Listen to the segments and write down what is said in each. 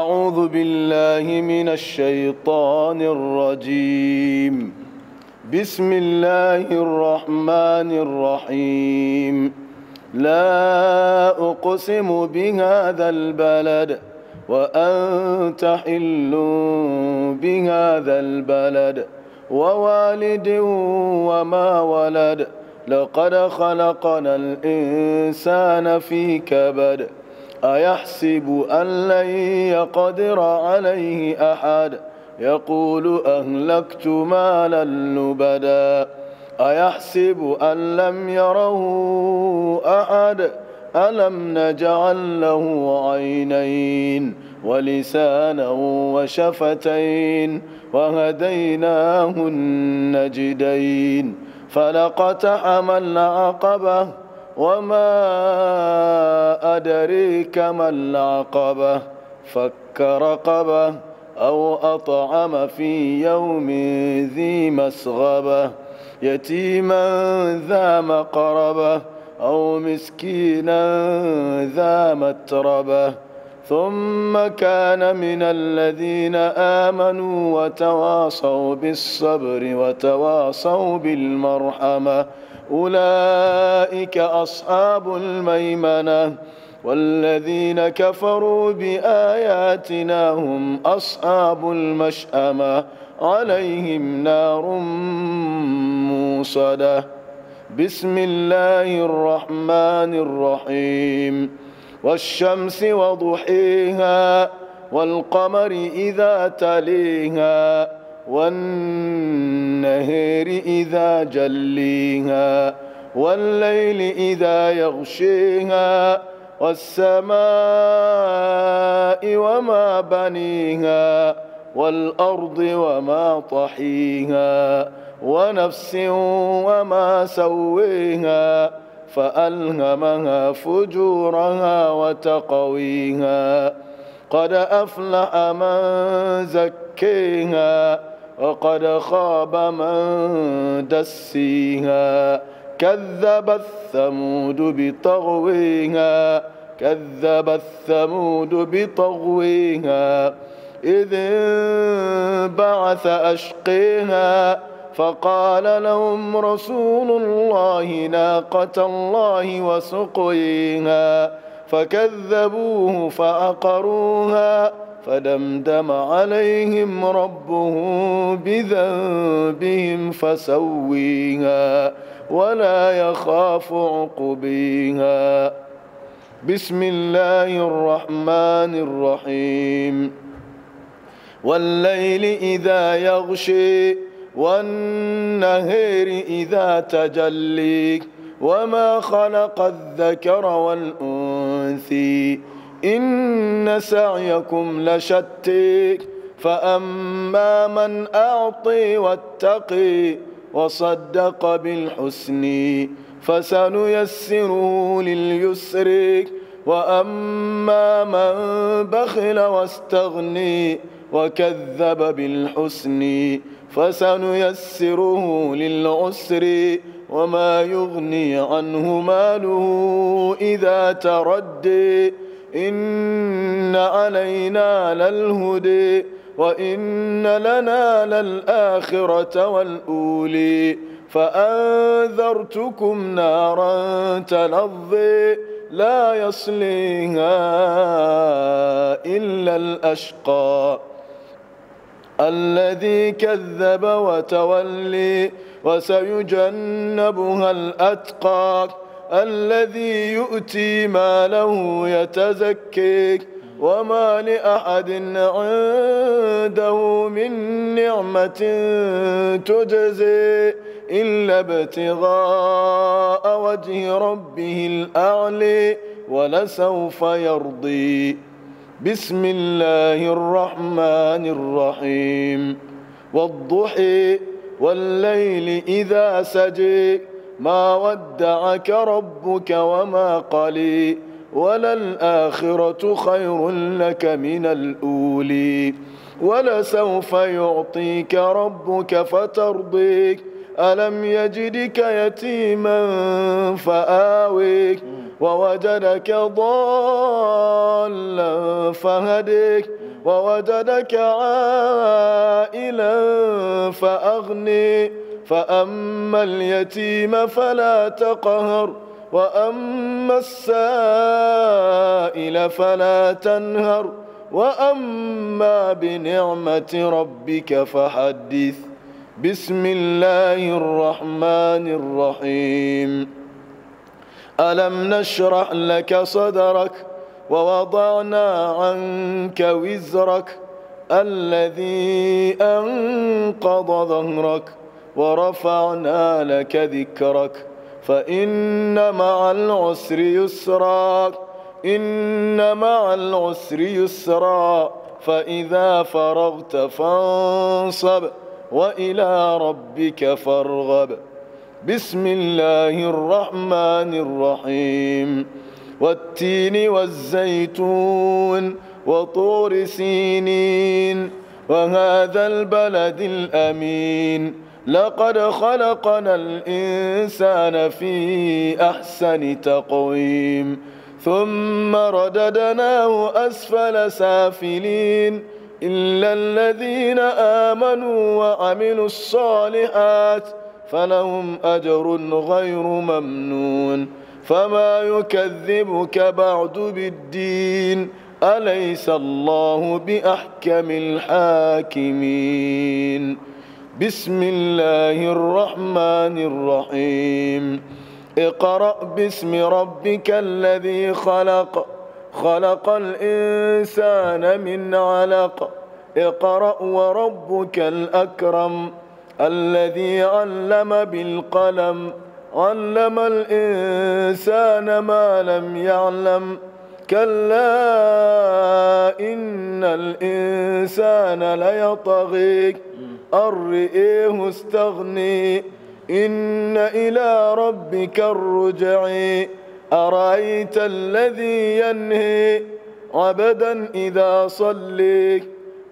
أعوذ بالله من الشيطان الرجيم بسم الله الرحمن الرحيم لا أقسم بهذا البلد وأنت حل بهذا البلد ووالد وما ولد لقد خلقنا الإنسان في كبد أيحسب أن لن يقدر عليه أحد يقول أهلكت مالا لبدا أيحسب أن لم يره أحد ألم نجعل له عينين ولسانا وشفتين وهديناه النجدين فلقتحم العقبة وما أدريك ما العقبة فك رقبة أو أطعم في يوم ذي مسغبة يتيما ذا مقربة أو مسكينا ذا متربة ثم كان من الذين آمنوا وتواصوا بالصبر وتواصوا بالمرحمة أولئك أصحاب الميمنة والذين كفروا بآياتنا هم أصحاب المشأمة عليهم نار موصدة بسم الله الرحمن الرحيم والشمس وضحيها والقمر إذا تليها والنهر إذا جليها والليل إذا يغشيها والسماء وما بنيها والأرض وما طحيها ونفس وما سويها فألهمها فجورها وتقويها قد أفلح من زكيها وقد خاب من دسيها كذب الثمود بطغويها كذب الثمود بطغويها إذ انبعث أشقيها فقال لهم رسول الله ناقة الله وسقيها فكذبوه فأقروها فدمدم عليهم ربهم بذنبهم فسويها ولا يخاف عقبيها بسم الله الرحمن الرحيم والليل إذا يغشي والنهر إذا تجلي وما خلق الذكر والأنثي إن سعيكم لشتي فأما من أعطي واتقي وصدق بالحسن فسنيسره لليسر وأما من بخل واستغني وكذب بالحسن فسنيسره للعسر وما يغني عنه ماله إذا تردي إن علينا للهدي وإن لنا للآخرة والأولي فأنذرتكم نارا تلظي لا يصليها إلا الأشقى الذي كذب وتولي وسيجنبها الأتقى الذي يؤتي ماله يتزكي وما لأحد عنده من نعمة تجزي إلا ابتغاء وجه ربه الأعلي ولسوف يرضي بسم الله الرحمن الرحيم والضحي والليل إذا سجي ما ودعك ربك وما قلي وللآخرة خير لك من الأولي ولسوف يعطيك ربك فترضيك ألم يجدك يتيما فآويك ووجدك ضالا فهدك ووجدك عائلا فأغني فأما اليتيم فلا تقهر وأما السائل فلا تنهر وأما بنعمة ربك فحدث بسم الله الرحمن الرحيم ألم نشرح لك صدرك ؟ ووضعنا عنك وزرك الذي أنقض ظهرك ورفعنا لك ذكرك فإن مع العسر يسرا إن مع العسر يسرا فإذا فرغت فانصب وإلى ربك فارغب بسم الله الرحمن الرحيم والتين والزيتون وطور سينين وهذا البلد الأمين لقد خلقنا الإنسان في أحسن تقويم ثم رددناه أسفل سافلين إلا الذين آمنوا وعملوا الصالحات فلهم أجر غير ممنون فما يكذبك بعد بالدين أليس الله بأحكم الحاكمين بسم الله الرحمن الرحيم اقرأ باسم ربك الذي خلق خلق الإنسان من علق اقرأ وربك الأكرم الذي علم بالقلم علم الإنسان ما لم يعلم كلا إن الإنسان ليطغي أرئيه استغني إن إلى ربك الرجع أرأيت الذي ينهي عبدا إذا صلي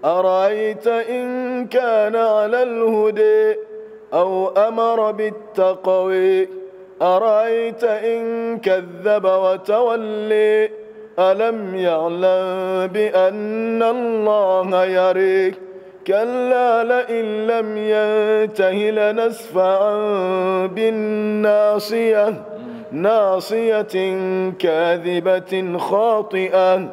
أرأيت إن كان على الهدي أو أمر بالتقوي أرأيت إن كذب وتولي ألم يعلم بأن الله يريك كلا لئن لم ينته لنسفعا بالناصية ناصية كاذبة خاطئة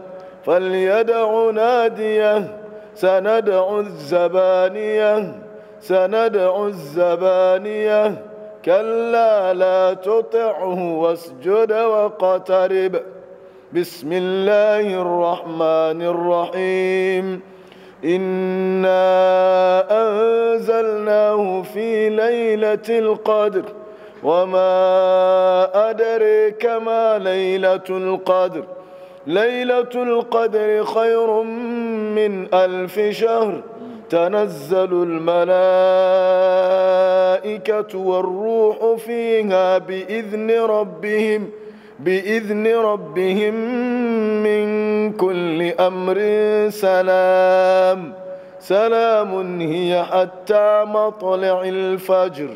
فليدع ناديه سندع الزبانيه سندع الزبانية كلا لا تطعه واسجد واقترب بسم الله الرحمن الرحيم إنا أنزلناه في ليلة القدر وما أدريك ما ليلة القدر ليلة القدر خير من ألف شهر تنزل الملائكة والروح فيها بإذن ربهم بإذن ربهم من كل أمر سلام سلام هي حتى مطلع الفجر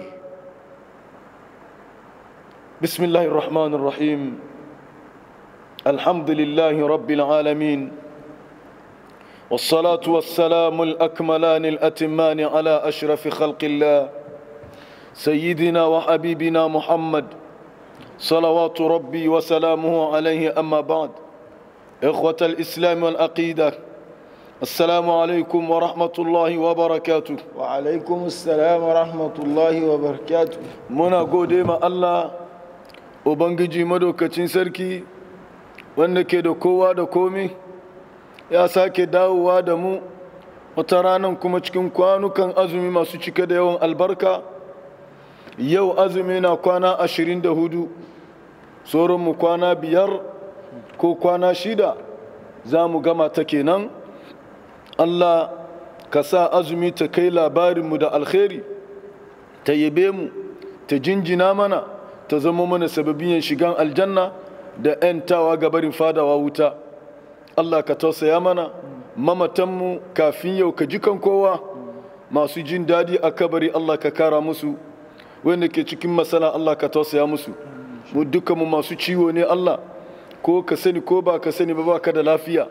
بسم الله الرحمن الرحيم الحمد لله رب العالمين والصلاة والسلام الأكملان الأتمان على أشرف خلق الله سيدنا وحبيبنا محمد صلوات ربي وسلامه عليه أما بعد إخوة الإسلام والأقيدة السلام عليكم ورحمة الله وبركاته وعليكم السلام ورحمة الله وبركاته منا قديم الله وبنجي مدوكة سركي وأنك دكوا دكومي ya sake dawowa da mu wata ranar kuma cikin kwanukan azumi masu cike da yawan albarka yau azumi na kwana ashirin da hudu mu kwana biyar ko kwana shida za mu gama ta kenan allah ka sa azumi ta kai labarinmu da alkhairi ta yabe mu ta jinjina mana ta zama mana sababiyan shigan aljanna da 'yantawa gabarin fadawa wuta Allah ka tausaya mana mamatanmu kafin yau ka ji kan kowa masu jin daɗi a kabari Allah ka kara musu wanda ke cikin masana Allah ka tausaya musu mu dukkanmu masu ciwo ne Allah ko ka sani ko ba ka sani ba ba ka da lafiya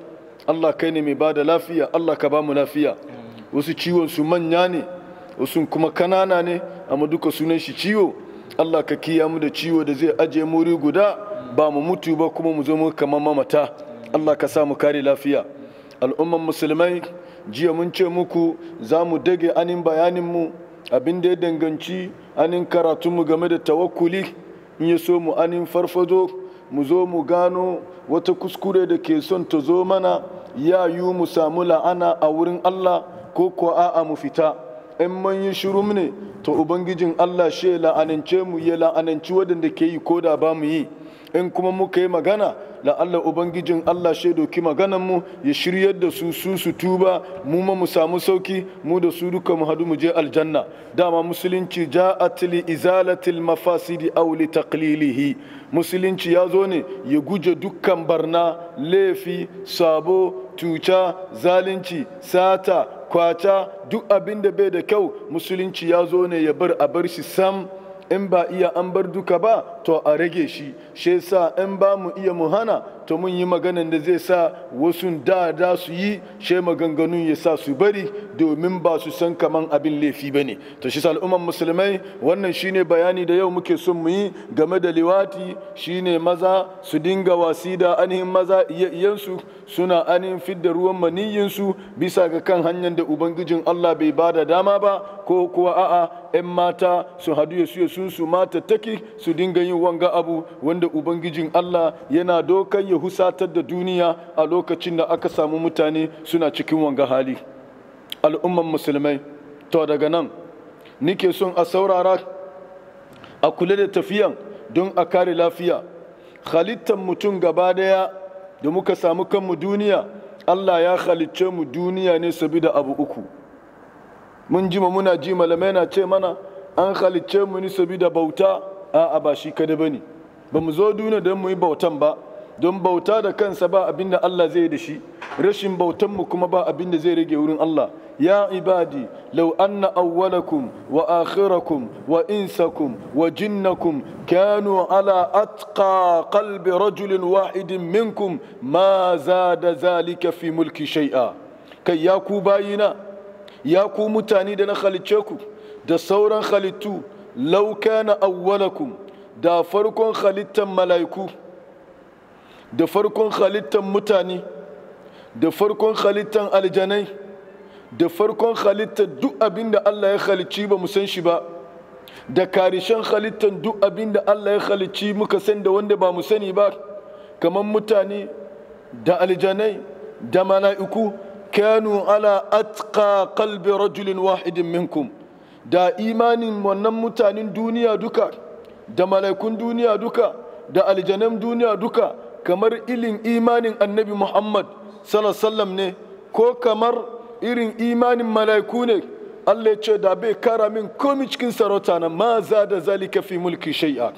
Allah kai ne mai ba da lafiya Allah ka ba mu lafiya wasu ciwon su manya ne wasu kuma kanana ne amma duka sunan shi ciwo Allah ka kiya mu da ciwo da zai aje muri guda ba mu mutu ba kuma mu zo mu kamar mamata Allah ka sa mu kare lafiya al'umman musulmai jiya mun ce muku za mu dage anin bayaninmu abin da ya danganci anin karatunmu game da tawakkuli in ya so mu anin farfado mu zo mu gano wata kuskure da ke son ta zo mana ya yu mu samu la'ana a wurin Allah ko ko a'a mu fita in mun yi shiru ne to ubangijin Allah she la'anance mu ya la'ananci waɗanda ke yi ko da ba mu yi in kuma muka yi magana la'alla ubangijin Allah shaidoki maganan mu ya shiryar da su su su tuba mu ma mu samu sauki mu da su duka mu hadu mu je aljanna dama musulunci ja'at li izalatil mafasidi aw li taqlilihi musulunci ya zo ne ya guje dukkan barna laifi sabo tuca zalunci sata kwata duk abin da bai da kyau musulunci ya zo ne ya bar a bar shi sam in ba iya an bar duka ba to a rage shi shi sa in ba mu iya mu hana to mun yi maganan da zai sa wasu da da su yi shi maganganun ya sa su bari domin ba su san kaman abin laifi ba ne to shi al'umman musulmai wannan shine bayani da yau muke son mu yi game da liwati shine maza su dinga wasi da ainihin maza iyansu suna ainihin fidda ruwan maniyinsu bisa ga kan hanyar da ubangijin Allah bai ba da dama ba ko kuwa a'a 'yan mata su hadu ya su su mata take su dinga yin yin wanga abu wanda ubangijin Allah yana dokan ya husatar da duniya a lokacin da aka samu mutane suna cikin wanga hali al'umman musulmai to daga nan nike son a saurara a kula da tafiyan don a kare lafiya halittar mutum gaba daya da muka samu kanmu duniya Allah ya halicce mu duniya ne sabida abu uku mun jima muna ji malamai na ce mana an halicce mu ne sabida bauta a'a ba shi kada bane ba mu zo duniya don mu yi bautan ba don bauta da kansa ba abin da Allah zai da shi rashin bautan mu kuma ba abin da zai rage wurin Allah ya ibadi law anna awwalakum wa akhirakum wa insakum wa jinnakum kanu ala atqa qalbi rajulin wahidin minkum ma zada zalika fi mulki shay'a kai ya ku bayina ya ku mutane da na halicce ku da sauran halittu lauka na awwalakum da farkon halittar mala'iku da farkon halittar mutane da farkon halittar aljanai da farkon halittar duk abin da Allah ya halicci ba mu san shi ba da karishen halittar duk abin da Allah ya halicci muka san da wanda ba mu sani ba kamar mutane da aljanai da mala'iku kanu ala atqa qalbi rajulin wahidin minkum da imanin wannan mutanen duniya duka da malaikun duniya duka da aljanan duniya duka kamar ilin imanin annabi muhammad sallallahu ne ko kamar irin imanin malaiku ne allah ce da bai kara min komi cikin sarauta na ma za da zalika fi mulki shai'a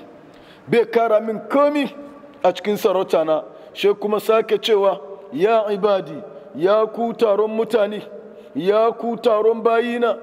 bai kara min komi a cikin sarauta na shi kuma sake cewa ya ibadi ya ku taron mutane ya ku taron bayina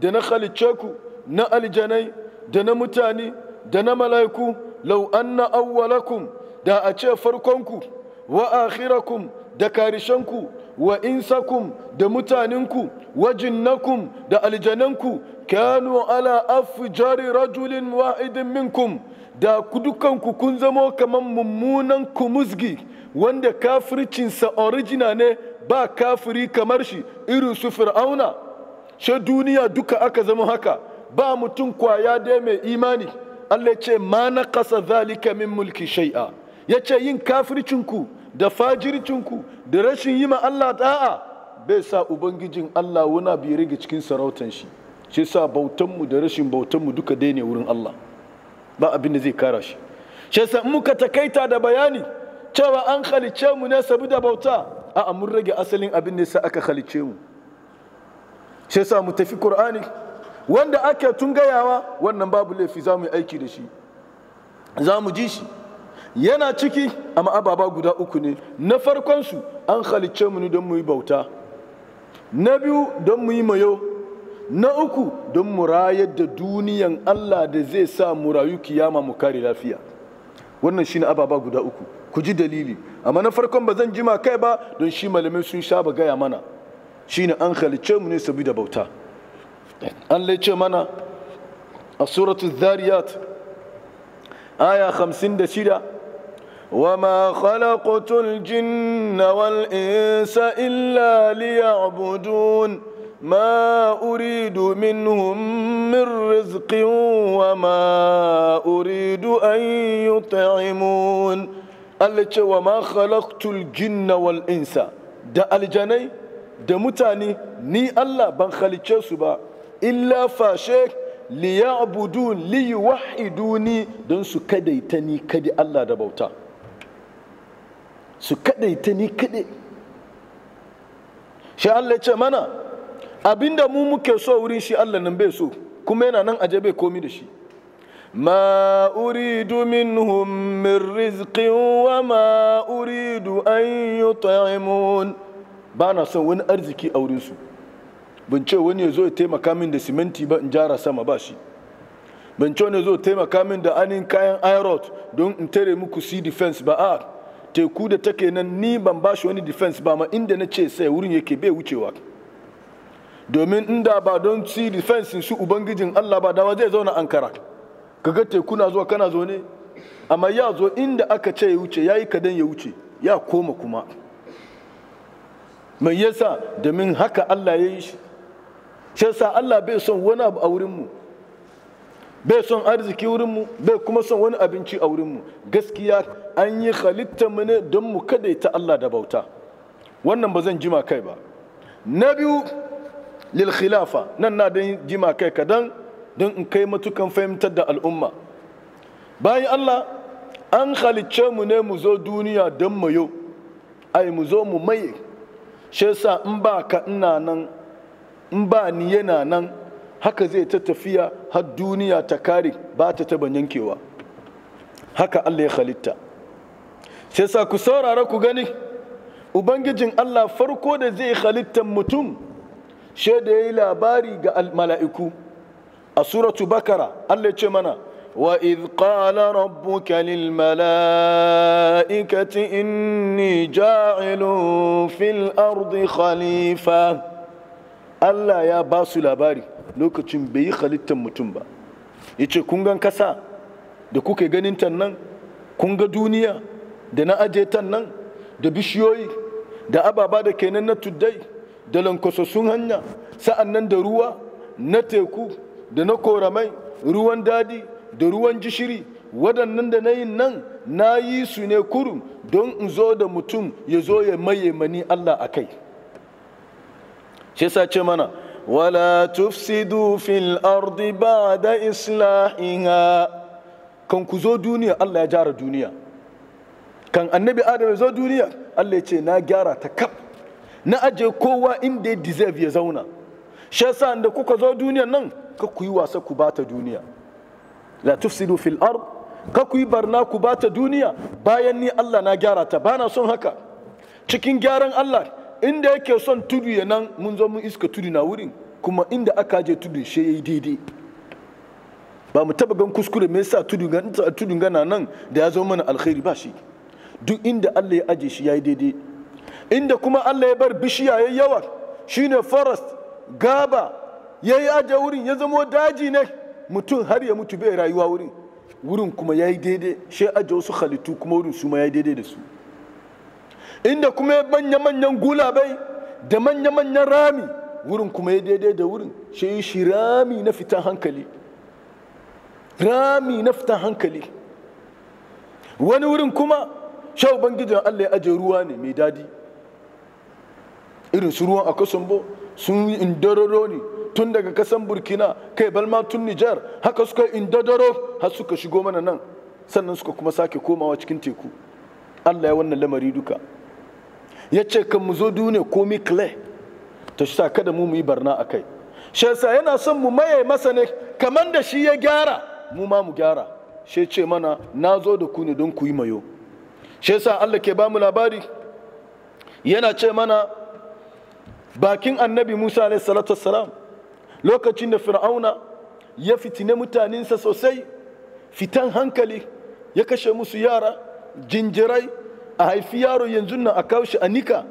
da na halicce ku na aljanai da na mutane da na mala'iku lau anna awwalakum da a ce farkonku wa akhirakum da karishenku wa insakum da mutanenku wa jinnakum da aljananku kanu ala afjari rajulin wa'idin minkum da dukanku kun zamo kamar mummunan kumuzgi wanda kafircinsa original ne ba kafiri kamar shi irin su fir'auna she duniya duka aka zama haka ba mutum kwaya dai mai imani Allah ce ma na kasa zalika min mulki shai'a ya ce yin kafircinku da fajircinku da rashin yi ma Allah da'a bai sa ubangijin Allah wuna bi rage cikin sarautan shi shi sa bautanmu da rashin bautanmu duka dai ne wurin Allah ba abin da zai kara shi shi sa muka takaita da bayani cewa an halice mu ne saboda bauta a'a mun rage asalin abin ne, sa aka halice mu shi yasa mu tafi qur'ani wanda ake tun gayawa wannan babu laifi za mu yi aiki da shi za mu ji shi yana ciki amma ababa guda uku ne na farkon su an halicce mu ne don mu yi bauta na biyu don mu yi mayo na uku don mu rayar da duniyan Allah da zai sa mu rayu kiyama mu kare lafiya wannan shine ababa guda uku ku ji dalili amma na farkon ba zan jima kai ba don shi malamai sun sha ba gaya mana shine an halice mu ne saboda bauta an laice mana a suratul zariyat aya 56 وما خلقت الجن والإنس إلا ليعبدون ما أريد منهم من رزق وما أريد أن يطعمون التي وما خلقت الجن والإنس ده الجني da mutane ni Allah ban halice su ba illa fashe li ya'budu don su kadaita ni kadi Allah da bauta su kadaita ni kade shi Allah ce mana abinda mu muke so wurin shi Allah nan bai so kuma yana nan aje bai komi da shi Ma'uridu أريد min rizikin wa Ma'uridu أريد أن يطعمون ba na son wani arziki a wurinsu ban ce wani ya zo ya taimaka min da siminti ba in jara sama ba shi ban ce wani ya zo ya taimaka min da anin kayan irot don in tare muku sea defense ba a teku da take nan ni ban ba shi wani defense ba ma inda na ce sai wurin yake bai wucewa domin inda ba don sea defense su ubangijin allah ba dawa zai zauna ankara kaga teku na zuwa kana zo ne amma ya zo inda aka ce ya wuce ya yi kadan ya wuce ya koma kuma mai yasa domin haka Allah ya yi shi shi yasa Allah bai son wani abu a wurinmu bai son arziki wurinmu bai kuma son wani abinci a wurinmu gaskiya an yi halitta mu ne don mu ta Allah da bauta wannan ba zan jima kai ba na biyu lil khilafa nan na don jima kai kadan don in kai matukan fahimtar da al'umma bayan Allah an halicce mu ne mu zo duniya don mu yau ai mu zo mu mai shi yasa in ba ka ina nan in ba ni yana nan haka zai ta tafiya har duniya ta kare ba ta taba yankewa haka Allah ya halitta shi yasa ku saurara ku gani ubangijin Allah farko da zai halitta mutum shi da ya yi labari ga mala'iku a suratu bakara Allah ya ce mana وإذ قال ربك للملائكة إني جاعل في الأرض خليفة Allah ya ba su labari lokacin bai yi halittar mutum ba ya ce kungan kasa da kuke ganin ta nan kunga duniya da na aje ta nan da bishiyoyi da ababa da kenan na tuddai da lankwasassun hanya sa'an nan da ruwa na teku da na koramai ruwan dadi da ruwan jishiri waɗannan da na yin nan na yi su ne kurum don in zo da mutum ya zo ya maye mani Allah a kai shi ce mana wala tufsidu fil ardi ba da islahiha kan ku zo duniya Allah ya gyara duniya kan annabi adam ya zo duniya Allah ya ce na gyara ta kaf na aje kowa inda ya deserve ya zauna shi da kuka zo duniya nan ka ku yi wasa ku bata duniya la tufsidu fil ard ka ku yi barna ku bata duniya bayan ni Allah na gyara ta bana son haka cikin gyaran Allah inda yake son tudu ya nan mun zo mun iska tudu na wurin kuma inda aka je tudu shi yayi daidai ba mu taba gan kuskure me yasa tudu ga tudu ga nan da ya zo mana alkhairi ba shi duk inda Allah ya aje shi yayi daidai inda kuma Allah ya bar bishiya yayi yawa shine forest gaba yayi aje wurin ya zamo daji ne mutum har ya mutu bai rayuwa wurin wurin kuma ya yi daidai shi ajiye wasu halittu kuma wurin su ma ya yi daidai da su inda kuma ya manya manyan gulabai da manya manyan rami wurin kuma ya daidai da wurin shi shi rami na fitan hankali rami na fitan hankali wani wurin kuma sha ubangijin allah ya aje ruwa ne mai dadi irin su ruwan akasumbo sun indararo ne tun daga kasan burkina kai balma tun nijar haka suka yi indadaro har suka shigo mana nan sannan suka kuma sake komawa cikin teku allah ya wannan lamari duka ya ce kan mu zo dune komi kle ta shi kada mu yi barna a kai shesa yana son mu maye masa ne kamar da shi ya gyara mu ma mu gyara shi ce mana na zo da ku ne don ku yi mayo shesa allah ke ba mu labari yana ce mana bakin annabi musa alaihi salatu wassalam lokacin da fir'auna ya fitine mutanensa sosai fitan hankali ya kashe musu yara jinjirai a haifi yaro yanzu na a kawo shi a nika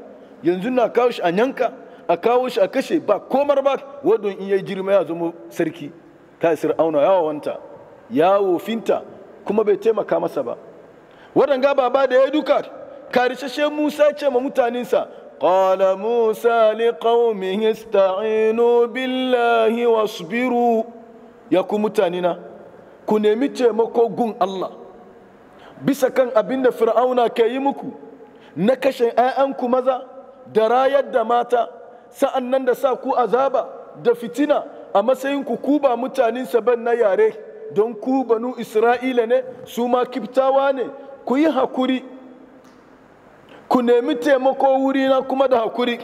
yanzu na a kawo shi a yanka a kawo shi a kashe ba komar ba wadon in yayi jirma ya zama sarki ta fir'auna wanta, yawo finta kuma bai taimaka masa ba waɗanga baba da ya duka karishashe musa ce ma mutanensa قال موسى لقومه استعينوا بالله واصبروا ya ku mutanina ku nemi taimako gun Allah bisa kan abin da fir'auna ke yi muku na kashe ku maza da rayar da mata sa'an nan da sa ku azaba da fitina a matsayin ku kuba mutanen saban na yare don ku banu isra'ila ne su ma kiftawa ne ku yi hakuri ku nemi taimako wurina kuma da hakuri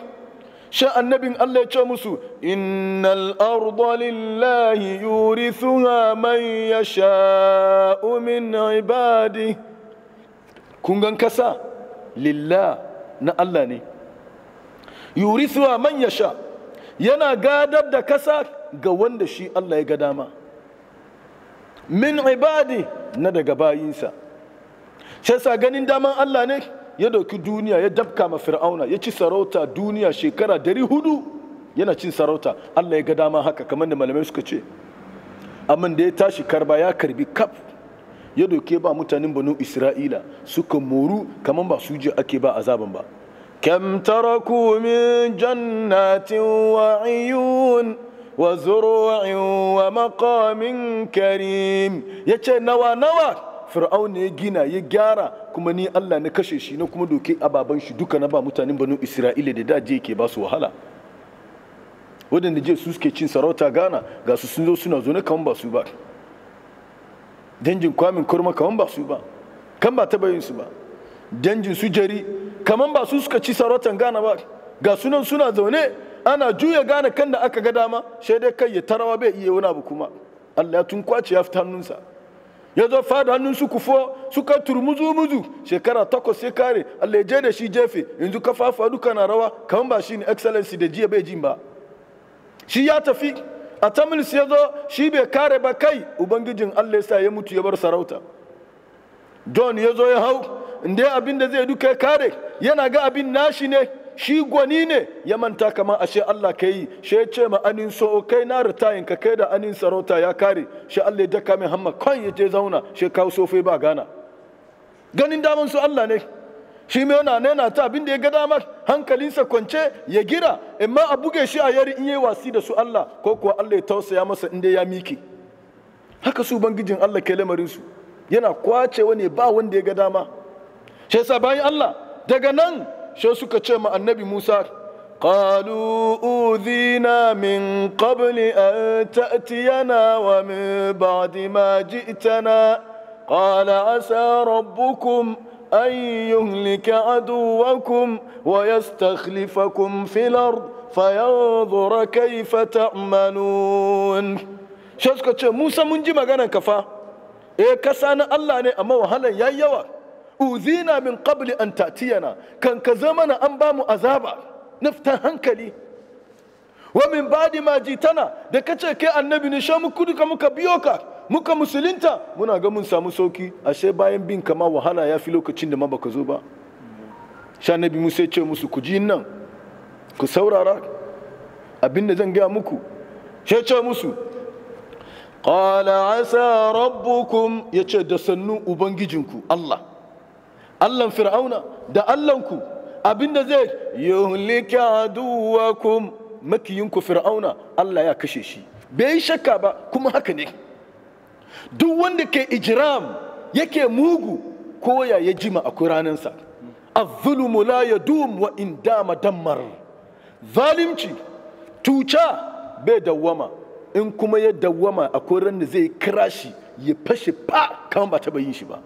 shi annabin Allah ya ce musu innal arda lillahi yurithuha man yasha'u min ibadi kun gan kasa lillah na Allah ne yurithuha man yasha yana gadar da kasa ga wanda shi Allah ya ga dama min ibadi na daga bayinsa shi ganin daman Allah ne ya dauki duniya ya dabka ma fir'auna ya ci sarauta duniya shekara dari hudu yana cin sarauta allah ya ga dama haka kamar da malamai suka ce amma da ya tashi karba ya karbi kaf ya doke ba mutanen banu isra'ila suka moru kamar ba su ake ba azaban ba jannatin wa ayyun wa zuru'in wa maqamin karim yace nawa nawa? fir'auna ya gina ya gyara kuma ni Allah na kashe shi na kuma doke ababen shi duka na ba mutanen banu isra'ila da daji ke ba su wahala Wadanda je su suke cin sarauta gana ga su sun zo suna zo na kan ba su ba danjin kwamin kurma kaman ba su ba kan ba taba yin su ba danjin su jari kaman ba su suka ci sarautan gana ba ga sunan suna zaune ana juya gane kan da aka ga dama sai dai kai ya tarawa bai iya wani abu kuma Allah ya tun kwace ya fita hannunsa ya zo fada hannun su kufo suka turmuzu muzu shekara takwas ya kare Allah je da shi jefe yanzu kafafa duka na rawa kan ba shi ne excellency da jiya bai jin ba shi ya tafi a tamilis ya zo shi bai kare ba kai ubangijin Allah ya sa ya mutu ya bar sarauta john ya zo ya hau inda abin da zai duka ya kare yana ga abin nashi ne shi gwani ne ya manta kamar ashe Allah ka yi shi ya ce ma anin so kai na ritayin ka kai da anin sarauta ya kare shi Allah ya daka min hamma kan ya je zauna shi kawo sofai ba gana ganin daman su Allah ne shi mai yana nena ta abin da ya ga damar hankalinsa kwance ya gira amma a buge shi a yari in yi wasi da su Allah ko kuwa Allah ya tausaya masa inda ya miki haka su bangijin Allah ke lamarinsu. yana kwace ne ba wanda ya ga dama shi yasa bayan Allah daga nan شو suka ce النبي موسى قالوا أوذينا من قبل أن تأتينا ومن بعد ما جئتنا قال عسى ربكم أن يهلك عدوكم ويستخلفكم في الأرض فينظر كيف تعملون شو موسى منجي مغانا كفا إيه كسانا الله ني أما وهلا يا يوا uzina min qabli an ta'tiyana kan ka zama na an ba mu azaba naftan hankali wa min ba'di ma jitana da kace kai annabi ne sha muku duka muka biyo ka muka musulunta muna ga mun samu sauki ashe bayan bin kama wahala ya fi lokacin da ma baka zo ba sha nabi musa ce musu ku ji nan ku saurara abin da zan gaya muku shi ce musu qala asa rabbukum yace da sannu ubangijinku Allah allan fir'auna da allanku abinda zai yuhlika aduwakum makiyinku fir'auna Allah ya kashe shi bai shakka ba kuma haka ne duk wanda ke ijram yake mugu koya ya jima akwai ranansa az-zulmu la yadum wa in dama dammar zalimci tuca bai dawwama in kuma ya dawwama a ran da zai kira shi ya fashe fa kama ba taɓa yin shi ba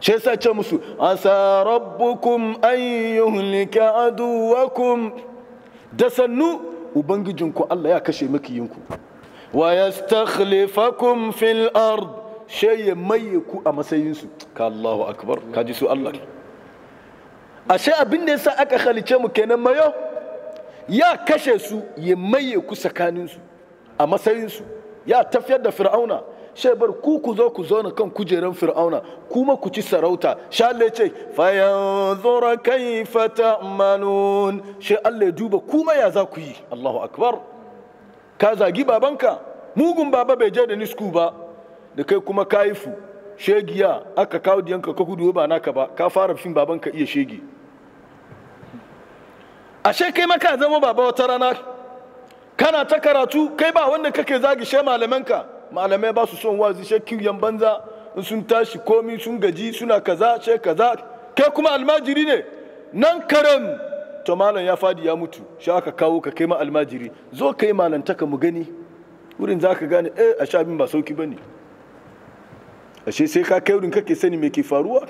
shi yasa ce musu asa rabbukum an yuhlika aduwakum da sannu ubangijinku Allah ya kashe yinku wa yastakhlifakum fil ard shi maye ku a matsayinsu ka Allahu akbar ka ji su Allah ashe abin da yasa aka halice mu kenan mayo ya kashe su ya maye ku tsakaninsu a matsayinsu ya tafiyar da fir'auna she bar ku ku zo ku zo kan kujeran fir'auna kuma ku ci sarauta sha Allah ce fa yanzura kayfa ta'malun she Allah ya duba kuma ya za ku yi Allahu akbar ka zagi babanka mugun baba bai je da nisku ba da kai kuma kaifu shegiya aka kawo diyanka ka kudu ba naka ba ka fara fin babanka iya shegi ashe kai maka zama baba wata rana kana ta karatu kai ba wanda kake zagi she malamanka malamai ba su son wazi she kiyan banza in sun tashi komi sun gaji suna kaza she kaza kai kuma almajiri ne nan karam to malam ya fadi ya mutu shi aka kawo ka kai ma almajiri zo kai malantaka mu gani wurin za ka gane eh a sha bin ba sauki ba ne ashe sai ka kai wurin kake sani me ke faruwa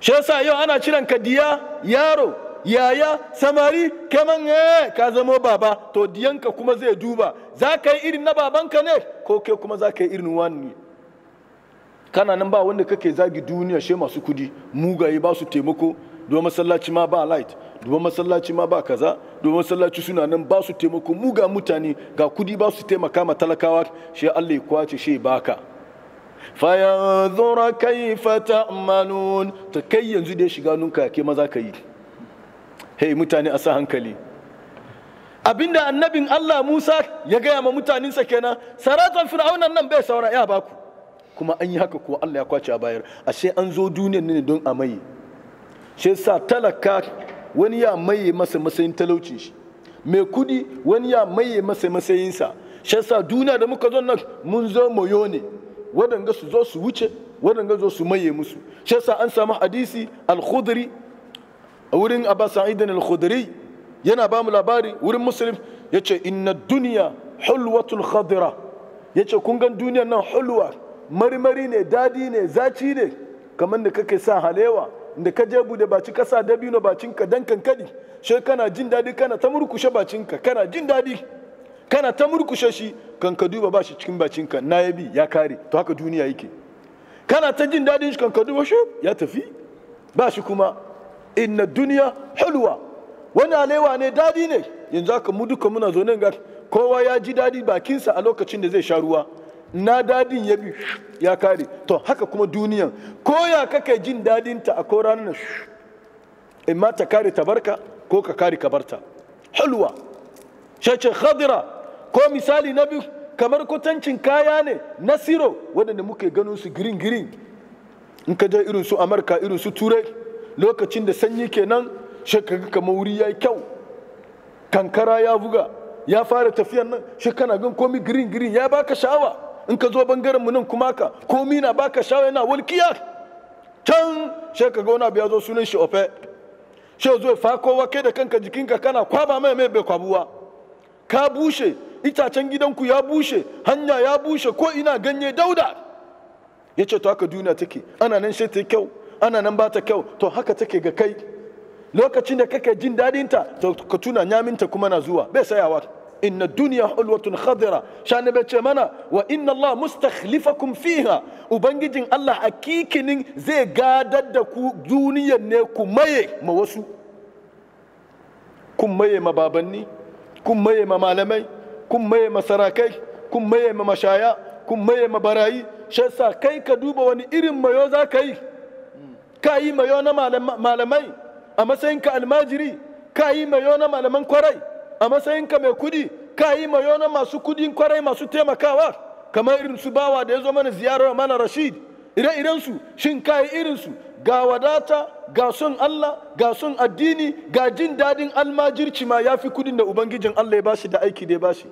shi yasa yau ana kiran ka diya yaro yaya samari kaman eh ka zamo baba to diyanka kuma zai duba za ka yi irin na babanka ne ko kai kuma za ka yi irin wani kana nan ba wanda kake zagi duniya shi masu kudi mugaye ba su taimako don masallaci ma ba light don masallaci ma ba kaza don masallaci suna nan ba su taimako muga mutane ga kudi ba su taimaka ma talakawa shi Allah ya kwace shi baka fayanzura kaifa ta'malun ta kai yanzu da shiga nunka ke maza ka yi hey mutane a sa hankali abinda annabin Allah Musa ya gaya ma mutaninsa kenan saratan fir'aunan nan bai saura ya baku kuma an yi haka ko Allah ya kwace a bayar ashe an zo duniyar ne don a mai shi sa talaka wani ya maye masa matsayin talauci shi mai kudi wani ya maye masa sa shi sa duniya da muka zo nan mun zo moyo ne waɗanda su zo su wuce waɗanda zo su maye musu shi sa an samu hadisi al-khudri wurin Abu Sa'id al-Khudri yana ba mu labari wurin Muslim yace inna dunya hulwatul khadira yace kun gan duniya nan hulwa marmari ne dadi ne zaci ne kamar da kake sa halewa da ka je bude baci ka sa dabino ka dan kankadi she kana jin dadi kana ta murkushe ka. kana jin dadi kana ta murkushe shi kan ka duba ba shi cikin bacinka na yabi ya kare to haka duniya yake kana ta jin dadin shi kan ka duba shi ya tafi bashi kuma inna duniya hulwa wani alewa ne dadi ne yanzu haka mu duka muna zo nan ga kowa ya ji dadi bakinsa a lokacin da zai sha ruwa na dadin ya bi ya kare to haka kuma duniyan ko ya kake jin ta a ko ranar in ta kare ta barka ko ka kare ka barta hulwa shace khadira ko misali na biyu kamar kwatancin kaya ne na siro waɗanda muke ganin su girin girin in ka je irin su amurka irin su turai lokacin da sanyi kenan shekaru kaga kamar wuri yi kyau kankara ya buga ya fara tafiyan nan shi kana gan komi green green ya baka sha'awa in ka zo bangaren mu nan kuma ka komi na baka sha'awa yana walkiya can shekaru wani abu ya zo sunan shi ofe shi zo fa kowa kai da kanka jikinka kana kwaba mai mai bai kwabuwa ka bushe itacen gidanku ya bushe hanya ya bushe ko ina ganye dauda ya ce to haka duniya take ana nan sai ta kyau ana nan bata kyau to haka take ga kai lokacin da kake jin dadinta to ka tuna nyaminta kuma na zuwa bai sayawa inna duniya hulwatun khadira shani bai ce mana wa inna Allah mustakhlifakum fiha ubangijin Allah hakikinin zai gadar da ku duniyar ne ku maye ma wasu kun maye ma babanni kun maye ma malamai kun maye ma sarakai kun maye ma mashaya kun maye ma barayi shi kai ka duba wani irin mayo za ka yi ka yi mayo na malamai a matsayinka almajiri ka yi mayo na malaman kwarai a matsayinka mai kudi ka yi mayo na masu kudin kwarai masu taimakawa kamar irin su bawa da ya zo mana ziyarar mana rashid ire-irensu shin ka yi irinsu ga wadata ga son Allah ga son addini ga jin dadin almajirci ma ya fi kudin da ubangijin Allah ya bashi da aiki da ya bashi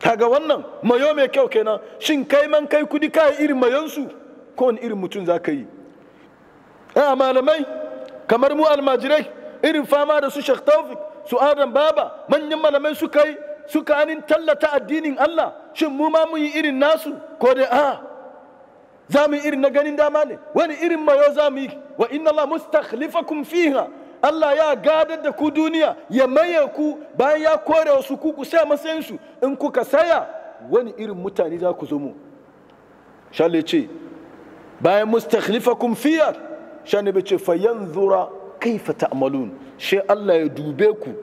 kaga wannan mayo mai kyau kenan shin kai man kai kudi ka yi irin su ko wani irin mutum za ka yi A'a eh, malamai kamar mu almajirai irin fama da su Sheikh Tawfik su Adam Baba manyan malamai suka yi suka anin tallata addinin Allah shin mu ma mu yi irin nasu ko dai a za mu yi irin na ganin dama ne wani irin mayo za mu yi wa inna Allah mustakhlifakum fiha Allah ya gadar da ku duniya ya maye ku bayan ya kore wasu ku ku sa matsayin su in kuka saya wani irin mutane za ku zo mu shalle ce bayan mustakhlifakum fiha shani bai ce fayan zura fata amalun shi Allah ya dube ku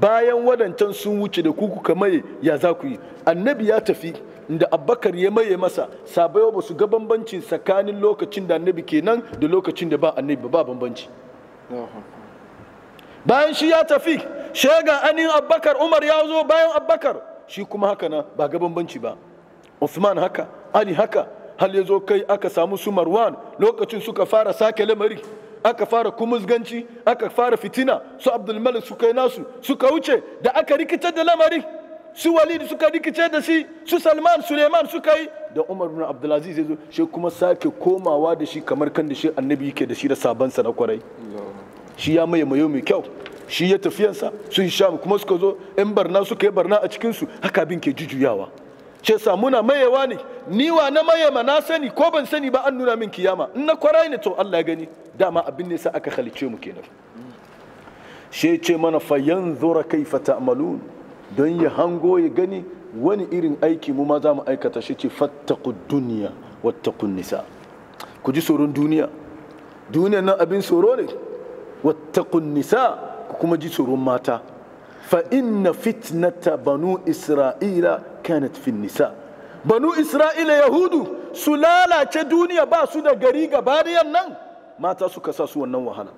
bayan wadancan sun wuce da ku kuka ya za ku yi annabi ya tafi da abbakar ya maye masa sabayo ba su ga bambanci tsakanin lokacin da annabi kenan da lokacin da ba annabi ba bambanci bayan shi ya tafi shega anin abbakar umar ya zo bayan abbakar shi kuma haka na ba ga bambanci ba usman haka ali haka hal ya zo kai aka samu su marwan lokacin suka fara sake lamari aka fara kumusganci aka fara fitina su abdulmalik suka yi nasu suka wuce da aka rikice da lamari su walid suka rikice da shi su salman suleiman suka yi da umar bin abdulaziz ya zo shi kuma sake komawa da shi kamar kan da shi annabi yake da shi da sabansa na kwarai shi ya maye mayo mai kyau shi ya tafiyansa sun sha kuma suka zo in barna suka yi barna a cikinsu haka bin ke jujuyawa ce sa muna mayewa ne ni wa na mayema na sani ko ban sani ba an nuna min kiyama in na kwarai ne to Allah ya gani dama abin ne sa aka halice mu kenan she ce mana fa yanzura kaifa ta'malun don ya hango ya gani wani irin aiki mu ma za mu aikata shi ce fattaqud dunya nisa ku ji tsoron duniya duniya nan abin tsoro ne wattaqun nisa ku kuma ji tsoron mata فإن فتنة بنو إسرائيل كانت isra'ila Yahudu su lalace duniya سلالة دنيا باسو دا غريقة باريا نن ما تاسو كساسو ونن وحالا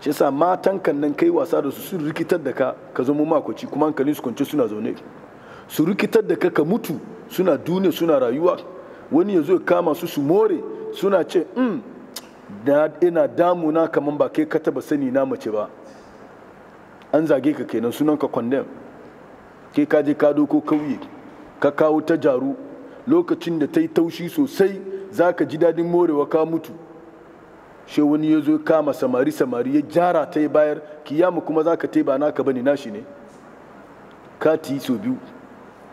shi yasa matan kan kai wasa da su sun rikitar da ka ka zama makoci kuma hankali su kwance suna zaune su rikitar da ka mutu suna duniya suna rayuwa wani ya ya kama su su more suna ce um ina damuna kamar ba kai ka taba sani na mace ba an zage ka kenan sunan ka ke ka je ka doko kauye ka kawo ta jaru lokacin da ta yi taushi sosai za ka ji dadin morewa ka mutu she wani ya zo kama samari samari ya jara ta yi bayar kiyama kuma za ka ta ba naka bane nashi ne ka ti so biyu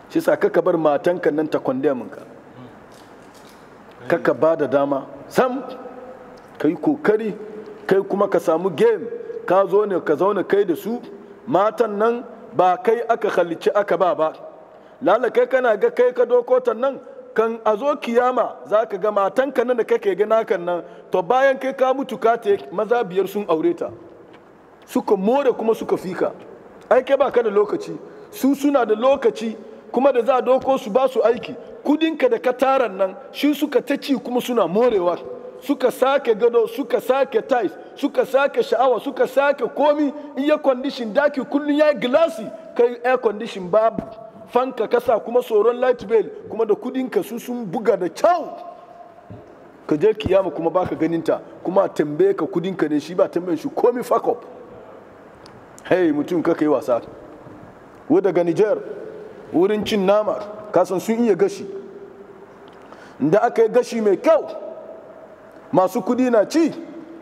shi sa kaka bar matanka nan ta condemn ka kaka ba da dama sam ka yi kokari kai kuma ka samu game ka zo ne ka zauna kai da su matan nan ba kai aka halicci aka ba ba lala kai kana ga kai ka dokotan nan kan a zo kiyama za ka ga matanka nan da kake ga kan nan to bayan kai ka mutu ka ta maza biyar sun aure ta suka more kuma suka fika ai kai ba ka da lokaci su suna da lokaci kuma da za doko su ba su aiki kudinka da ka taran nan shi suka ta ci kuma suna morewa suka sake gado suka sake tais suka sake sha'awa suka sake komi in ya kwandishin daki kullum ya yi gilasi kai air condition babu fanka kasa kuma tsoron light bill kuma da kudin ka sun buga da kyau ka je kiyama kuma baka ganinta kuma a tambaye ka kudin ka ne shi ba tambayin shi komi fuck up hey mutum ka kai wasa wo daga Niger wurin cin nama kasan sun iya gashi da aka yi gashi mai kyau masu kudi na ci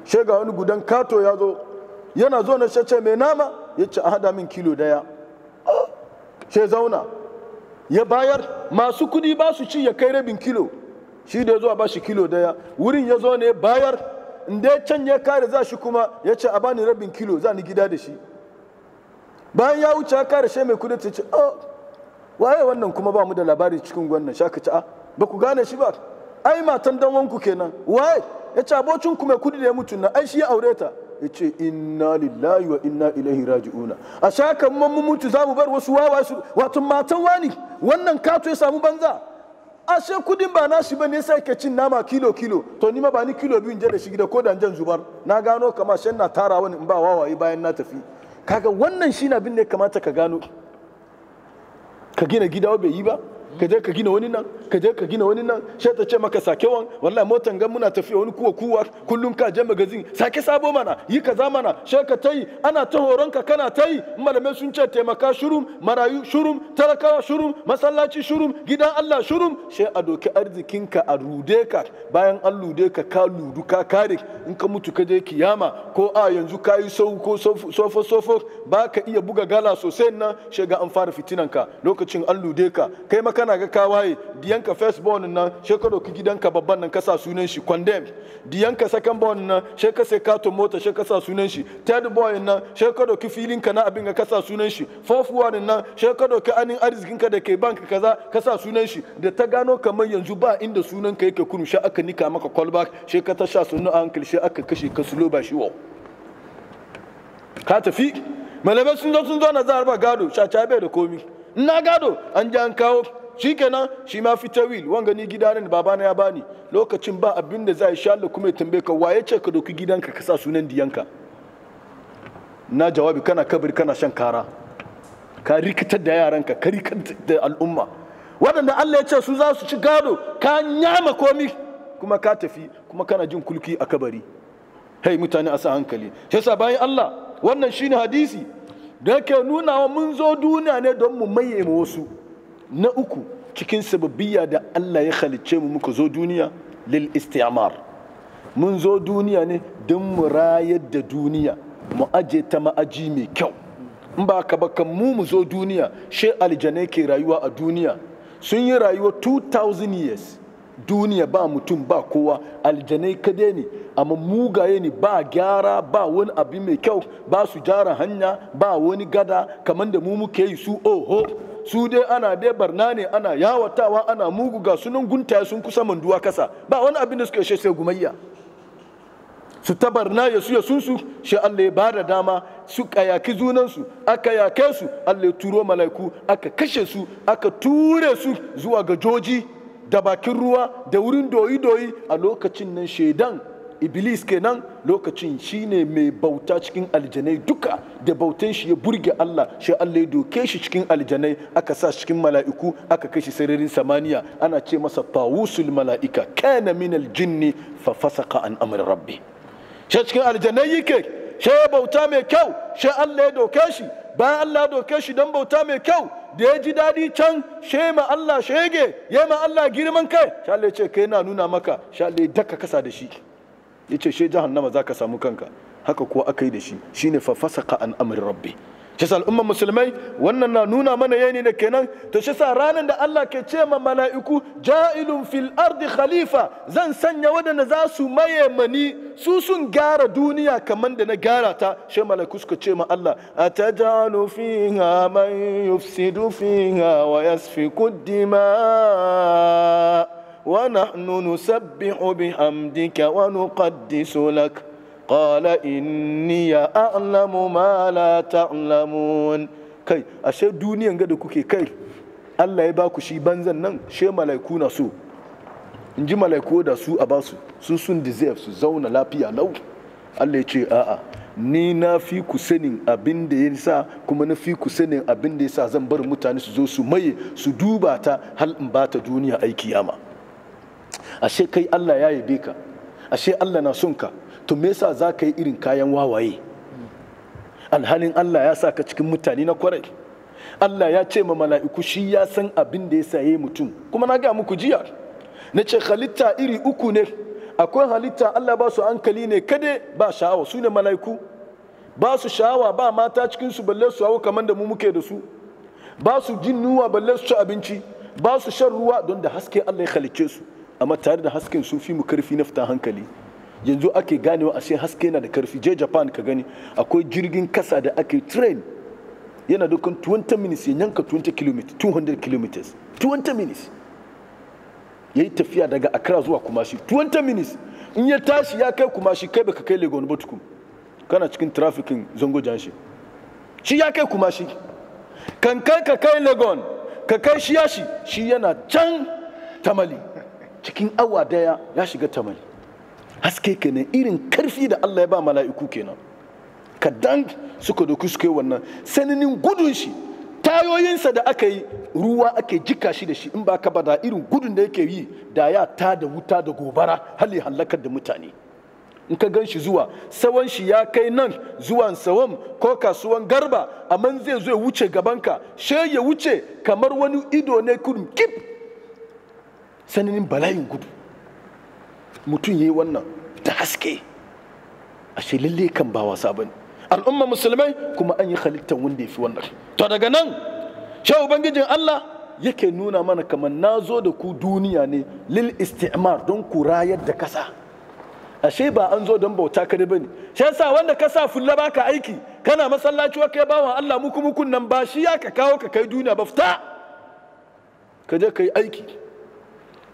she ga wani gudan kato ya zo yana zo na shace mai nama ya ce a min kilo daya she zauna ya bayar masu kudi ba su ci ya kai rabin kilo shi da ya zo a kilo daya wurin ya zo ne bayar inda ya can ya kare za shi kuma ya ce a bani rabin kilo za ni gida da shi bayan ya wuce ya kare shai mai kudi ta ce oh waye wannan kuma ba mu da labari cikin gwannan shaka ci a ah, ba ku gane shi ba ai matan dan wanku kenan waye ya ce abocin kuma kudi da ya mutu na an shi ya aure ta ya ce inna lillahi wa inna ilaihi raji'una a sha kan mu mutu za mu bar wasu wawa su wato matan wani wannan kato ya samu banza ashe kudin ba shi bane sai ke cin nama kilo kilo to ni ma ba ni kilo biyu je da shi gida ko da jan zubar na gano kama shan na tara wani in ba wawaye bayan na tafi kaga wannan shi na bin ne kamata ka gano ka gina gida bai yi ba ka je ka gina wani nan ka je ka gina wani nan shi ta ce maka sake wan wallahi motan gan muna tafiya wani kuwa kuwa kullun ka je magazin sake sabo mana yi kaza mana shi ka tai ana ta horon ka kana tai malamai sun ce taimaka shurum marayu shurum talakawa shurum masallaci shurum gidan Allah shurum sai a doki arzikin ka a rude ka bayan an lude ka ka ludu ka kare in ka mutu ka je kiyama ko a yanzu ka yi sau ko sofo sofo ba ka iya buga gala sosai nan shi ga an fara fitinan ka lokacin an lude ka kai maka kana ga kawaye diyanka first born nan she ka dauki gidanka babban nan ka sa sunan shi condemn diyanka second born nan she ka sai kato mota she ka sa sunan shi third boy nan she ka dauki filin ka na abin ka sa sunan shi fourth one nan she ka dauki anin arzikin ka da ke bank kaza ka sa sunan shi da ta gano kamar yanzu ba inda sunan ka yake kunu she aka nika maka back she ka ta sha sunan uncle she aka kashe ka sulo ba shi wa ka tafi malamai sun zo sun zo na zarba gado gado shacha bai da komi na gado an ji an kawo kenan shi ma fita wil. wanga ni gida ne babana ya bani lokacin ba abin da za sha Allah kuma ya tambaye ka waye ce ka doki gidanka ka sa sunan diyanka na jawabi kana kabir kana shan kara ka rikitar da yaranka ka rikitar da al'umma waɗanda Allah ya ce su za su ci gado ka nyama komi kuma ka tafi kuma kana jin kulki a kabari hey mutane a sa hankali yasa bayan Allah wannan shine hadisi da ke nuna wa mun zo duniya ne don mu maye wasu na uku cikin sababbiya da Allah ya halicce mu muka zo duniya lil istimar mun zo duniya ne don mu rayar da duniya mu aje ta ma'aji mai kyau in ba ka mu mu zo duniya she aljanai ke rayuwa a duniya sun yi rayuwa 2000 years duniya ba mutum ba kowa aljanai kade ne amma mugaye ne ba gyara ba wani abu mai kyau ba su jara hanya ba wani gada kamar da mu muke yi su oho su dai ana dai barna ne ana yawatawa ana mugu ga sunan gunta sun kusa manduwa kasa ba wani abin da suka ishe sai gumayya su ta barna ya su ya sun su shi Allah ya ba da dama su kayaki zunansu aka yake su Allah ya turo malaiku aka kashe su aka ture su zuwa ga joji da bakin ruwa da wurin doyi doyi a lokacin nan shaidan iblis kenan lokacin shine mai bauta cikin aljanai duka da bautan shi ya burge Allah shi Allah ya doke shi cikin aljanai aka sa cikin mala'iku aka kai shi sararin samaniya ana ce masa tawusul mala'ika kana min aljinni fa fasaka an amri rabbi shi cikin aljanai yake shi bauta mai kyau shi Allah ya doke shi ba Allah ya doke shi dan bauta mai kyau da ya ji daɗi can shema Allah shege yema Allah girman kai shi Allah ya ce kai na nuna maka shi Allah ya daka kasa da shi ya ce shi jahannama za ka samu kanka haka kuwa aka yi da shi shine fa fasaka an amri rabbi shi sa al'umman musulmai wannan na nuna mana yani da kenan to shi sa ranar da Allah ke ce ma mala'iku ja'ilun fil ardi khalifa zan sanya wadanda za su maye mani su sun gara duniya kamar da na gara ta shi mala'iku suka ce ma Allah atajalu fiha man yufsidu fiha wa yasfiku dima ونحن نسبح بحمدك ونقدس لك قال إني أعلم ما لا تعلمون كي أشياء دنيا قد كوكي كي Allah ya شي بانزن shi banzan nan she نجي ملايكو so in ji malaiku da su a basu su sun لو su zauna lafiya lau a'a ni na fi ku sanin abin da ya sa kuma na fi ku sanin abin da ya sa zan bar mutane su zo su maye su duba ta hal in ba ta duniya aiki ma. ashe kai Allah ya yabe ka ashe Allah na son ka to me yasa za ka yi irin kayan wawaye alhalin Allah ya sa ka cikin mutane na kwarai Allah ya ce ma mala'iku shi ya san abin da ya saye mutum kuma na ga muku jiya na ce halitta iri uku ne akwai halitta Allah ba su hankali ne kade ba sha'awa su ne mala'iku ba su sha'awa ba mata cikin su balle su hawo kamar da mu muke da su ba su jin nuwa balle su ci abinci ba su shan ruwa don da haske Allah ya halicce su amma tare da hasken sun fi mu karfi na fita hankali yanzu ake ganewa sai haske yana da karfi je japan ka gani akwai jirgin kasa da ake train yana dokan 20 minutes ya yanka 20 km 200 km 20 minutes ya yi tafiya daga accra zuwa kumashi 20 minutes in ya tashi ya kai kumashi kai baka kai legon ba tukun kana cikin trafikin zango janshi shi ya kai kumashi kan kai ka kai legon ka kai shi yashi shi yana can tamali cikin awa daya ya shiga tamali haske kenan irin karfi da Allah ya ba mala'iku kenan kadan suka doku suka yi wannan sananin gudun shi tayoyinsa da aka yi ruwa ake jika shi da shi in ba ka bada irin gudun da yake yi da ya ta da wuta da gobara hali halakar da mutane in ka gan shi zuwa sawan shi ya kai nan zuwan sawan ko kasuwan garba amma zai zo ya wuce gabanka shi ya wuce kamar wani ido ne kurum kip sananin bala'in gudu mutum ya yi wannan ta haske ashe lalle kan ba wasa ba ne al'umma musulmai kuma an yi halittar wanda ya fi wannan to daga nan sha ubangijin allah yake nuna mana kamar na zo da ku duniya ne lil istimar don ku rayar da kasa ashe ba an zo don bauta kare bane shi yasa wanda kasa sa ba ka aiki kana masallaci wa kai bawan Allah muku mukun nan ba shi ya ka kawo ka kai duniya ba fita ka je kai aiki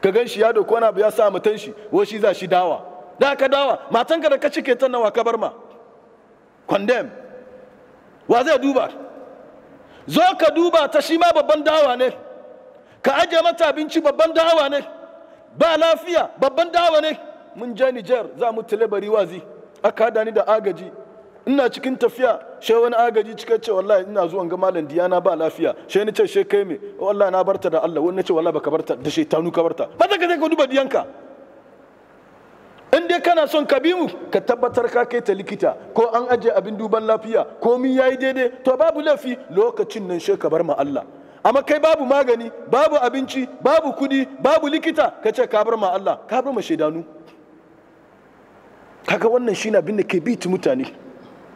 ka gan shi ya doko wani abu ya sa mutan shi wai shi za shi dawa da ka dawa matanka da ka cike ta nawa ka bar ma Kwandem. wa zai duba zo ka duba ta shi ma babban dawa ne ka ajiye mata abinci babban dawa ne ba lafiya babban dawa ne mun je Nijar za mu tilabari wazi aka hada ni da agaji ina cikin tafiya shi wani agaji cika ce wallahi ina zuwan ga malam diyana ba lafiya shi ni ce shi kai me wallahi na barta da Allah wani ce wallahi baka barta da shaytanu ka barta ba ka ka duba diyanka in dai kana son ka bi mu ka tabbatar ka kai ta likita ko an aje abin duban lafiya ko min yayi daidai to babu laifi lokacin nan shi ka bar ma Allah amma kai babu magani babu abinci babu kudi babu likita ka ce ka bar ma Allah ka bar ma shaidanu kaga wannan shine abin da ke biti mutane